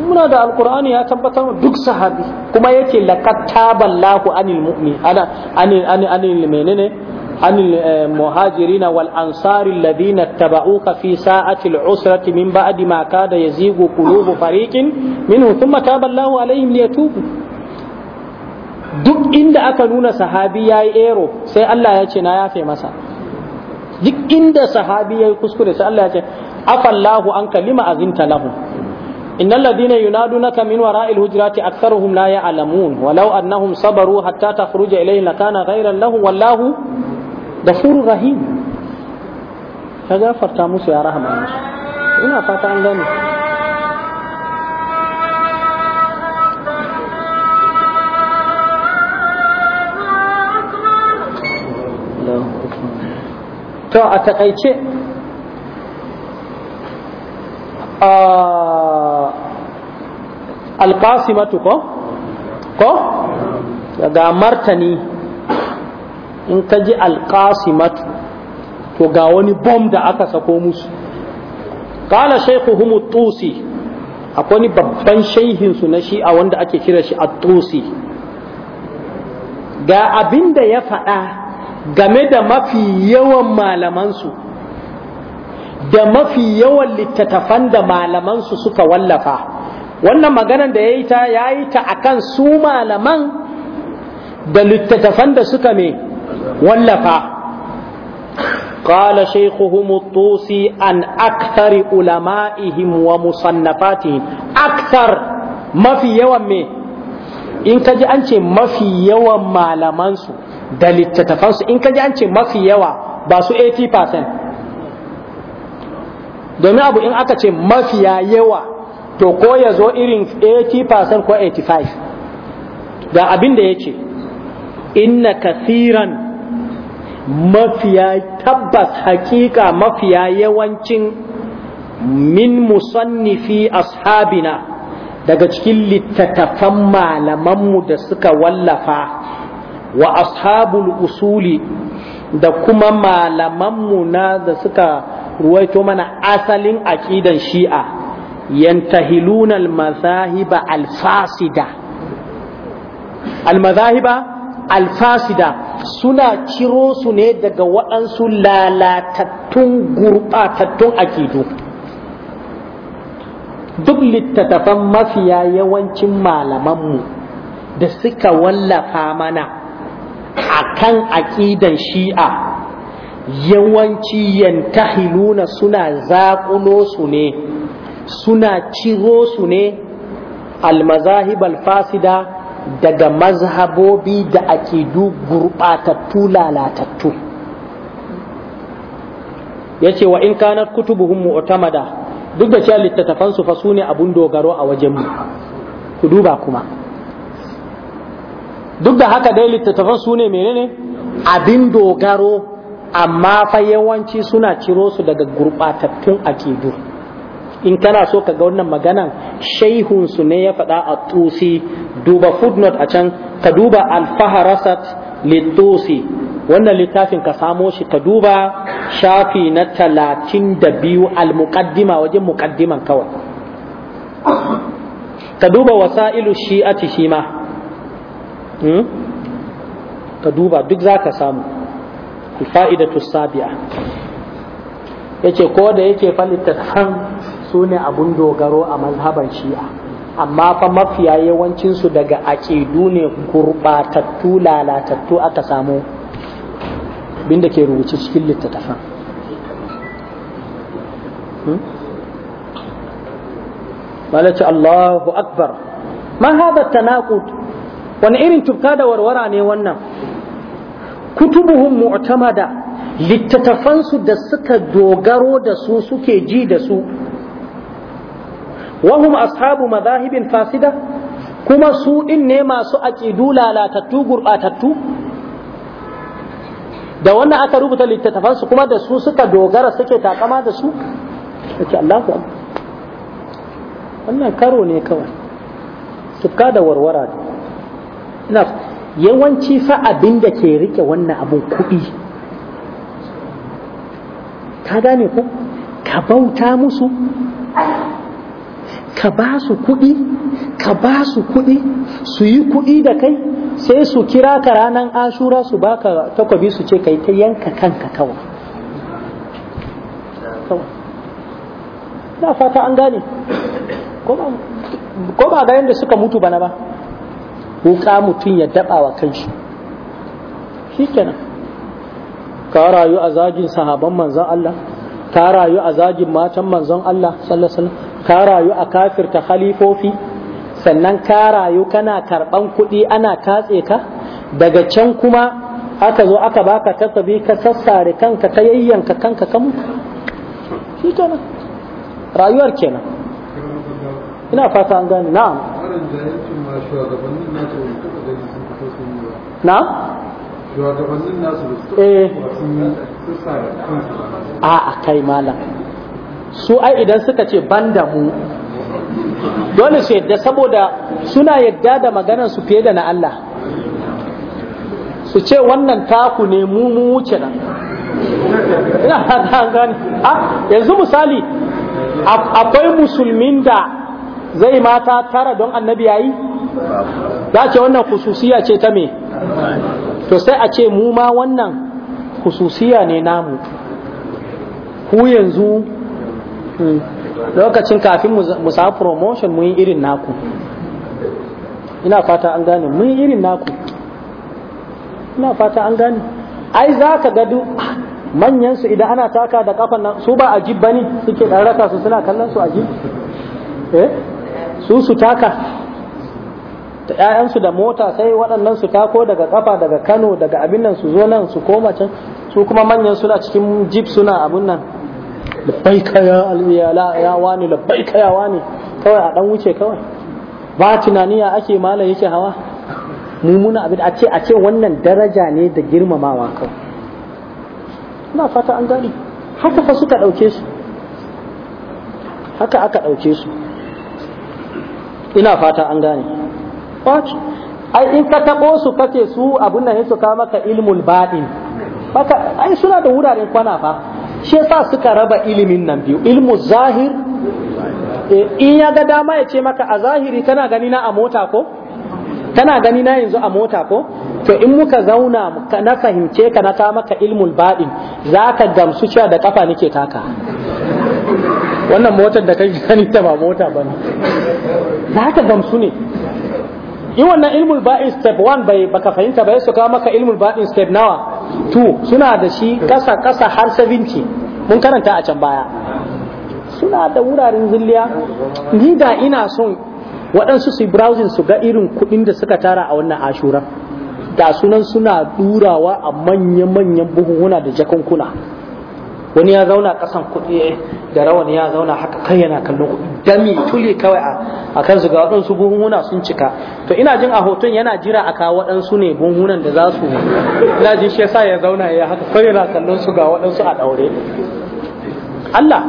muna da alkur'ani ya tabbatar duk sahabi kuma yake laqad taballahu anil mu'min ana anil eh, muhajirina wal ansari alladhina tabauka fi sa'ati al usrati min ba'di ma kada yazigu qulubu fariqin minhu thumma taballahu alaihim liyatubu duk inda aka nuna sahabi ya yi ero sai Allah ya ce na yafe masa duk inda sahabi ya yi kuskure sai Allah ya ce afallahu an kalima azinta lahu inna alladhina na min wara'il hujurati aktharuhum la ya'lamun walau annahum sabaru hatta takhruja ilayhi lakana ghayran lahu wallahu ghafurur rahim ka gafarta musu ya rahama ina fata an gane to a takaice alƙasimatu ko ko ga martani in ka ji alƙasimatu to ga wani bom da aka sako musu kala humu tusi akwai wani babban shaihinsu na shi a wanda ake kira shi a tusi ga abinda ya faɗa game da mafi yawan malamansu da mafi yawan littattafan da malamansu suka wallafa wannan maganar da ya yi ta ya yi ta a kan su malaman da littattafan da suka me wallafa قال شيخهم الطوسي عن ulama'ihim علمائهم musannafati أكثر ما في يوم مي إن كجي أنت ما في يوم da littattafansu in ka ji an ce mafi yawa ba su 80% domin abu in aka ce mafiya yawa to ko ya zo irin 80% ko 85 da abin da ya ce inna kasiran mafiya tabbas hakika mafiya yawancin min musannifi ashabina daga cikin littattafan malamanmu da suka wallafa wa ashabul usuli da kuma malamanmu na da suka ruwaito mana asalin aqidan shi'a yantahiluna al-mazahiba al-fasida al-mazahiba al-fasida suna ciro su ne daga waɗansu lalatattun gurɓatattun aƙidu. duk littattafan mafiya yawancin malamanmu da suka wallafa mana a kan aƙidan shi'a yawanci yantahiluna suna zaƙulo su ne suna ciro su ne almazahib alfasida daga mazhabobi da aƙidu gurɓatattu lalatattu ya ce wa in kanar kutubuhun mu'tamada duk da cewa littattafansu fa su ne abun dogaro a wajenmu ku duba kuma duk da haka dai littattafan su ne menene abin dogaro amma fa yawanci suna ciro su daga gurɓatattun akidu in kana so ka ga wannan maganan shaihun su ne ya faɗa a tusi duba footnote a can ka duba alfaharasat littusi wannan littafin ka samo shi ka duba shafi na talatin da biyu almuqaddima wajen muqaddiman kawai ka duba wasa'ilu shi'ati shi ma Hmm? ka duba duk za ka samu fa'idatu sabi'a yace ko da yake falittafan su ne abun dogaro a mazhaban shi'a amma fa mafiya yawancinsu daga aƙidu ne gurɓatattu lalatattu aka samu binda ke rubuce cikin littattafan hmm? malaci Allahu akbar ma ta tanaqud wani irin tufka da warwara ne wannan kutubuhum mu'tamada littattafansu da suka dogaro da su suke ji da su wahum ashabu mazahibin fasida kuma su din ne masu aqidu lalatattu gurɓatattu da wannan aka rubuta littattafansu kuma da su suka dogara suke takama da su ake Allahu wannan karo ne kawai tufka da warwara ne ikhtilaf yawanci fa abin da ke rike wannan abun kuɗi ka gane ku ka bauta musu ka ba su kuɗi ka ba su kuɗi su yi kuɗi da kai sai su kira ka ranar ashura su baka takwabi su ce kai ta yanka kanka kawai na fata an gane ko ba ga yadda suka mutu bana ba wuka mutum ya daba wa kanshi shikenan ka rayu a zagin sahaban manzon Allah ka rayu a zagin matan manzon Allah sallallahu alaihi ka rayu a kafirta khalifofi sannan ka rayu kana karban kuɗi ana katse ka daga can kuma aka zo aka baka tasabi ka sassare kanka ka yayyanka kanka ka mutu shi kenan rayuwar kenan ina fata an gane na'am na shugabannin nasu eh. a'a kai malam su ai idan suka ce ban da mu dole su yadda saboda suna yadda da maganar su fiye da na Allah su ce wannan taku ne mu mu wuce nan ina gani yanzu misali akwai musulmin da zai mata tara don annabi yayi za ce wannan khususiya ce ta me to sai a ce mu ma wannan khususiya ne namu ku yanzu hmm, lokacin kafin mu sa promotion mun yi irin naku ina fata an gane mun yi irin naku ina fata an gane ai za ka ga duk manyan su idan ana taka da kafan nan su ba ajib bane suke dan raka su suna kallon su ajib eh su su taka da ƴaƴansu da mota sai waɗannan su tako daga kafa daga Kano daga abin nan su zo nan su koma can su kuma manyan suna cikin jeep suna abun nan labbaika ya alwiyala ya wani labbaika ya wani kawai a dan wuce kawai ba tunani ya ake mala yake hawa mummuna abin a ce a ce wannan daraja ne da girmamawa kawai ina fata an gani haka fa suka ɗauke su haka aka ɗauke su ina fata an gane kwaci ai in ka taɓo su kace su abun nan su ka maka ilmul baɗin maka ai suna da wuraren kwana fa shi yasa suka raba ilimin nan biyu ilmu zahir eh, in ya ga dama ya ce maka a zahiri tana gani na a mota ko tana gani na yanzu a mota ko to in muka zauna na fahimce ka na ta maka ilmul baɗin za ka gamsu cewa da kafa nake taka wannan motar da kai gani ta ba mota ba za ka gamsu ne in wannan ilmul ba'in step 1 bai baka fahimta ba su ka maka ilmul ba'in step nawa 2 suna da shi kasa kasa har 70 mun karanta a can baya suna da wuraren zilliya ni da ina son waɗansu su browsing su ga irin kuɗin da suka tara a wannan ashura da sunan suna durawa a manya-manyan buhuhuna da jakunkuna wani ya zauna ƙasan kuɗi eh, da rawan ya zauna haka kai yana kallon kuɗi dami tuli kawai a kan su ga waɗansu buhunhuna sun cika to ina jin a hoton yana jira a kawo waɗansu ne buhunhunan da za su ina jin shi yasa ya zauna ya haka kai yana kallon su ga waɗansu a ɗaure Allah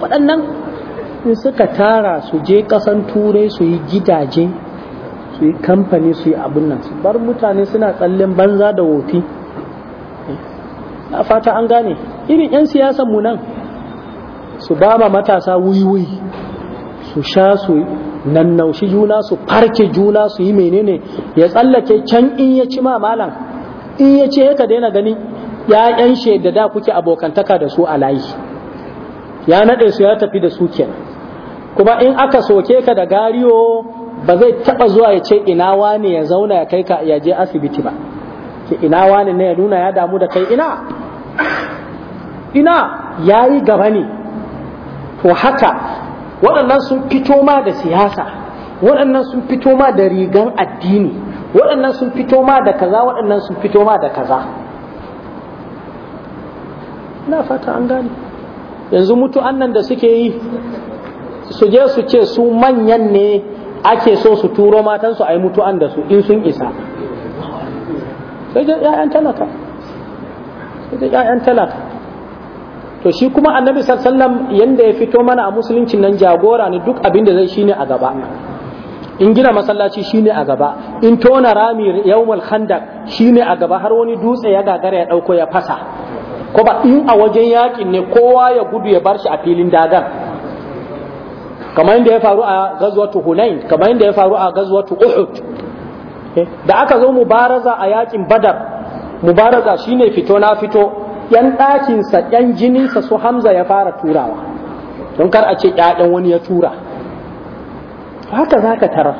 waɗannan in suka tara su je ƙasan turai su yi gidaje su yi kamfani su yi abin nan su bar mutane suna tsallen banza da wofi na fata an gane irin 'yan siyasan mu nan su ba ma matasa wuyi su sha su nannaushi juna su farke juna su yi menene ya tsallake can in ya ci ma malam in ya ce ka daina gani ya'yan shaida da da kuke abokantaka da su a layi ya naɗe su ya tafi da su kenan kuma in aka soke ka da gariyo ba zai taɓa zuwa ya ce ina wani ya zauna ya kai ka ya je asibiti ba ke ina wani ne ya nuna ya damu da kai ina ina ya yi gaba ne to haka waɗannan sun fito ma da siyasa waɗannan sun fito ma da rigan addini waɗannan sun fito ma da kaza waɗannan sun fito ma da kaza na fata an gane yanzu mutu annan da suke yi su je su ce su manyan ne ake so su turo matansu a yi mutu'an da su in sun isa sai da 'ya'yan talaka 'ya'yan talaka to shi kuma annabi sallallahu yanda ya fito mana a musulunci nan jagora ne duk abin da zai shine a gaba in gina masallaci shine a gaba in tona rami yawmal khandaq shine a gaba har wani dutse ya gagara ya dauko ya fasa ko ba in a wajen yakin ne kowa ya gudu ya bar shi a filin dagan kamar yadda ya faru a gazwatu hunain kamar yadda ya faru a gazwatu uhud eh, da aka zo mubaraza a yakin badar mubaraza shine fito na fito yan ɗakinsa yan jininsa su hamza ya fara turawa don kar a ce ƴaƴan wani ya tura haka za ka tarar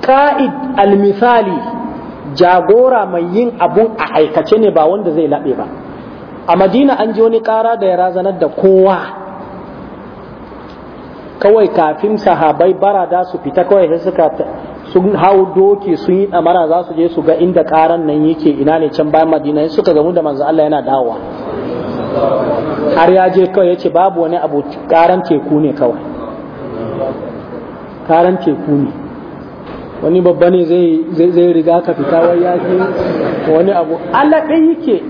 ka'id almisali jagora mai yin abun a aikace ne ba wanda zai laɓe ba a madina an ji wani ƙara da ya razanar da kowa kawai kafin sahabai barada su fita kawai sai suka sun hau doke sun yi ɗamara za su je su ga inda ƙaran nan yake ina ne can bayan madina suka gamu da manzo Allah yana dawowa har ya je kawai ya ce babu wani abu ƙaran teku ne kawai ƙaran teku ne wani babba ne zai riga ka fita wai ya je wani abu Allah ɗaya yake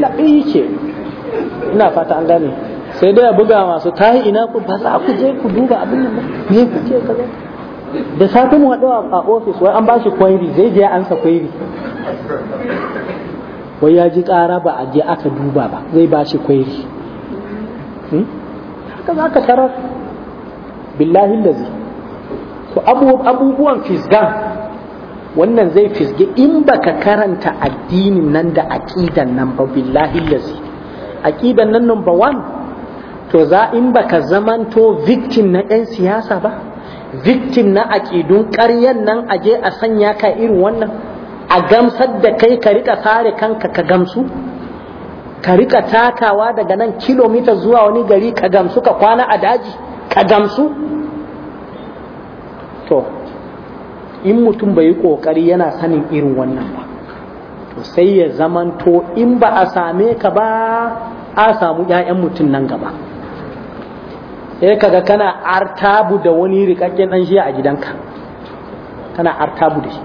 laɓe yake ina fata an gane sai dai a buga masu yi ina ku ba za ku je ku duba abin nan ne ku ce kaza da safe mu haɗu a ofis wai an bashi kwairi zai je ansa kwairi wai ya ji ƙara ba a je aka duba ba zai bashi kwairi hmm? haka za ka tarar billahi lazi to abubuwan fisgan wannan zai fisge in baka karanta addinin nan da aƙidan nan ba billahi lazi aƙidan nan number one to za in baka zamanto victim na 'yan siyasa ba victim na aƙidun ƙaryan nan a je a sanya ka irin wannan a gamsar da kai ka rika sare kanka ka gamsu ka rika takawa daga nan kilomita zuwa wani gari ka gamsu ka kwana a daji ka gamsu to in mutum bai yi ƙoƙari yana sanin irin wannan ba to sai ya zamanto in ba a same ka ba a samu 'ya'yan mutum nan gaba eh kaga kana artabu da wani rikakken dan shi a gidanka kana artabu da shi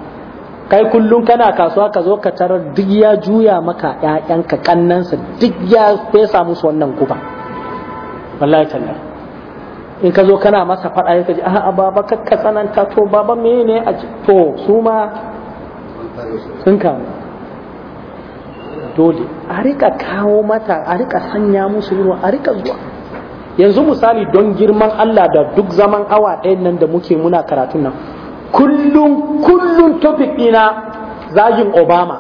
kai kullum kana kasuwa ka zo ka tarar duk ya juya maka ƴaƴanka kannansa duk ya fesa musu wannan guba wallahi tallahi in ka zo kana masa faɗa ka ji a'a baba kakka tsananta to baba mene a to su ma sun kamu dole a rika kawo mata a rika sanya musu yiwa a rika zuwa yanzu misali don girman Allah da duk zaman awa ɗayan nan da muke muna karatun nan kullum kullum topic ɗina zagin Obama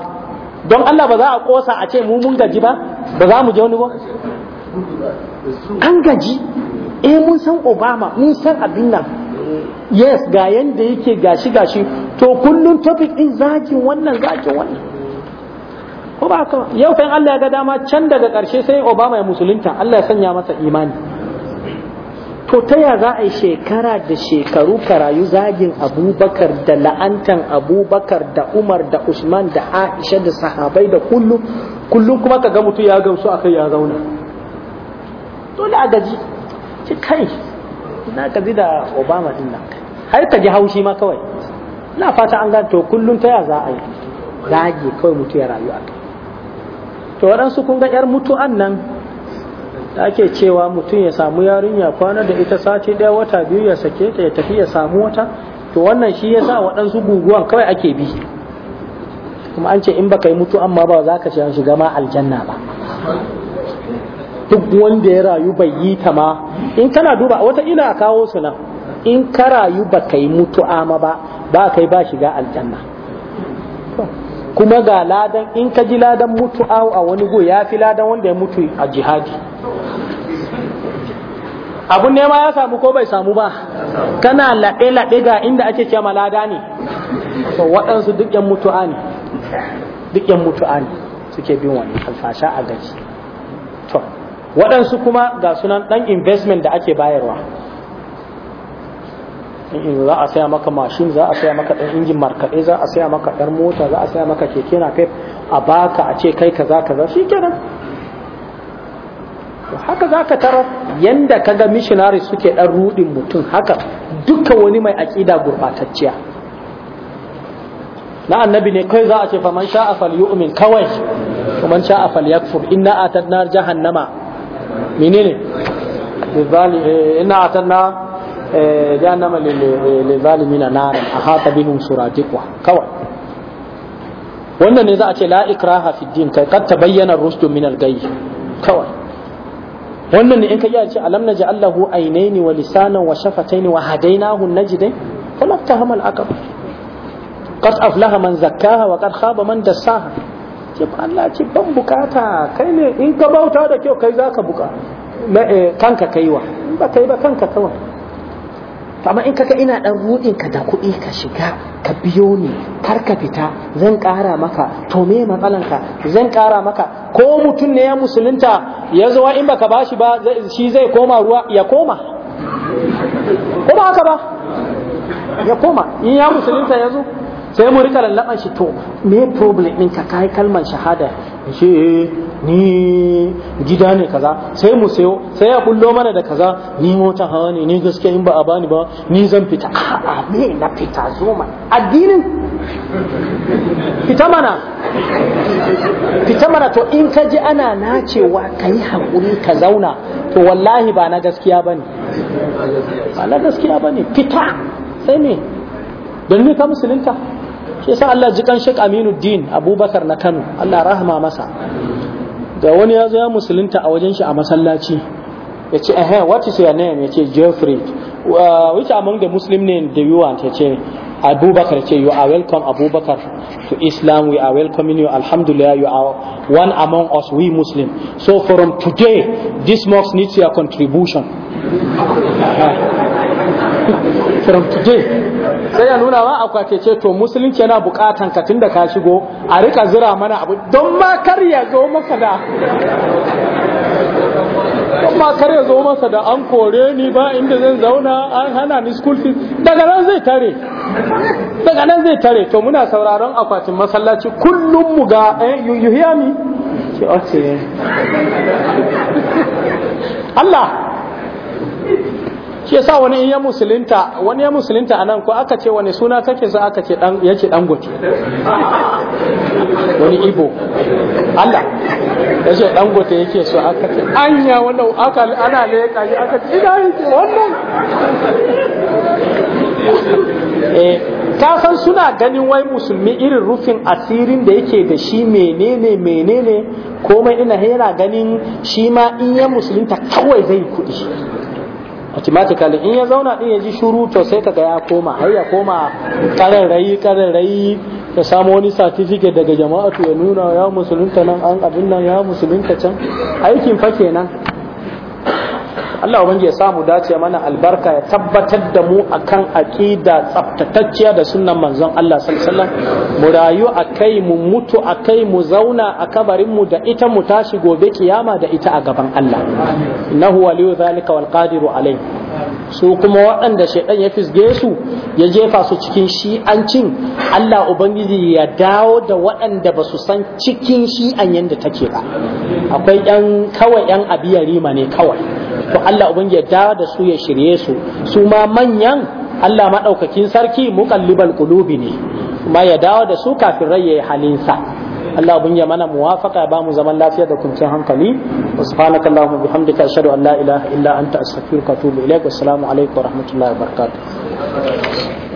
don Allah ba za a kosa a ce mu mun gaji ba ba za mu je wani ba an gaji eh mun san Obama mun san abin nan yes ga yanda yake gashi gashi to kullum topic ɗin zagin wannan zagin wannan ko ba yau kan Allah ya ga dama can daga ƙarshe sai Obama ya musulunta Allah ya sanya masa imani to ta ya za a yi shekara da shekaru karayu zagin abubakar da la'antan abubakar da umar da usman da aisha da sahabai da kullum kullum kuma ka ga mutum ya gamsu akai ya zauna dole a gaji ci kai na gaji da obama din nan har ka ji haushi ma kawai na fata an gane to kullum ta ya za a yi zagi kawai mutu ya rayu a kai to waɗansu kun ga 'yar mutu'an nan da ake cewa mutum ya samu yarinya kwana da ita sati ɗaya wata biyu ya sake ta ya tafi ya samu wata to wannan shi ya yasa waɗansu guguwan kawai ake bi kuma an ce in baka yi mutu amma ba za ka ce an shiga ma aljanna ba duk wanda ya rayu bai yi ta ma in kana duba wata ina kawo su nan in ka rayu baka yi mutu amma ba ba kai ba shiga aljanna kuma ga ladan in ka ji ladan mutu'a a wani go ya fi ladan wanda ya mutu a jihadi abun nema ya samu ko bai samu ba kana laɗe laɗe ga inda ake ce malada ne so waɗansu duk yan mutu'a ne duk yan mutu'a ne suke bin wani alfasha a gaji to waɗansu kuma ga sunan ɗan investment da ake bayarwa in za a saya maka mashin za a saya maka ɗan injin markaɗe za a saya maka ɗan mota za a saya maka keke na a baka a ce kai kaza kaza shi kenan haka za ka tara yadda ka ga missionary suke ɗan ruɗin mutum haka duka wani mai aƙida gurbatacciya. na annabi ne kai za a ce faman sha'a fal yu'min kawai faman sha'a fal yakfur inna atadna jahannama menene eh, inna atadna eh, jahannama lizalimina narin a hata bihim suratiqwa kawai wannan ne za a ce la ikraha fi din kai kad tabayyana rusdu min al-gayy kawai wannan ne in ka iya ce alam naji allahu ainaini wa lisanan wa shafataini wa hadainahu najdai fala tahama al aqab qad aflaha man zakkaha wa qad khaba man dassaha ce Allah ce ban bukata kai ne in ka bauta da kyau kai zaka buka eh, kanka kaiwa in ba kai ba kanka kawai amma in kaga ina dan rudin ka da kuɗi ka shiga ka biyo ni kar ka fita zan ƙara maka to me matsalan ka zan ƙara maka ko mutum ne ya musulunta ya zo in baka bashi ba shi zai koma ruwa ya koma ko ba haka ba ya koma in ya musulunta ya zo sai mu rika lallaban shi to me problem din ka kai kalmar shahada shi eh, ni gida ne kaza sai mu sayo sai ya kullo mana da kaza ni mota hawa ne ni gaskiya in ba a bani ba ni zan fita a'a me na fita zo mana addinin fita mana fita mana to in ka ji ana nacewa ka yi hakuri ka zauna to wallahi ba na gaskiya ba ne ba na gaskiya ba ne fita sai me don ne ka musulunta shi yasa Allah ji kan Sheikh Aminuddin Abubakar na Kano Allah rahama masa ga wani ya zo ya musulunta a wajen shi a masallaci ya ce eh what is your name ya ce Geoffrey which among the Muslim name do you want ya ce Abubakar ce you are welcome Abubakar to Islam we are welcoming you alhamdulillah you are one among us we Muslim so from today this mosque needs your contribution from today sai ya nuna ma akwati ce to musulunci yana bukatan ka tunda ka shigo a rika zira mana abu don ma kar ya zo maka da don ma kar ya zo masa da an kore ni ba inda zan zauna an hana ni school fees daga nan zai tare daga nan zai tare to muna sauraron akwatin masallaci kullum mu ga eh, you hear me Allah shi yasa wani ya musulunta wani ya musulunta anan ko aka ce wani suna kake sa aka ce dan yace dan gote wani ibo Allah yace dan gote yake so aka ce anya wannan aka ana ne kaji aka ce ina yake wannan eh ka san suna ganin wai musulmi irin rufin asirin da yake da shi menene menene komai ina hera ganin shi ma in ya musulunta kawai zai kudi. automatically in ya zauna din ya ji shuru to sai kaga ya koma har ya koma karan rayi karan rayi ya samu wani certificate daga jama'atu ya nuna ya musulunta nan an abin nan ya musulunta can aikin fa kenan Allah ubangi ya samu dace mana albarka ya tabbatar da mu akan aqida tsaftatacciya da sunnan manzon Allah sallallahu mu rayu akai mu mutu akai mu zauna a kabarin mu da ita mu tashi gobe kiyama da ita a gaban Allah innahu waliyu zalika wal qadiru alaihi su kuma waɗanda shaidan ya fisge su ya jefa su cikin shi'ancin Allah Ubangiji ya dawo da waɗanda ba su san cikin shi'an yadda take ba akwai yan kawai yan abiya rima ne kawai to Allah Ubangiji ya dawo da su ya shirye su su ma manyan Allah maɗaukakin sarki muƙallibal ƙulubi ne kuma ya dawo da su kafin rai ya yi halinsa Allah bin ya mana muwafaka ba mu zaman lafiya da kuncin hankali wa subhanaka allahumma bihamdika ashhadu an la ilaha illa anta astaghfiruka wa atubu ilaik wa assalamu alaikum wa rahmatullahi wa barakatuh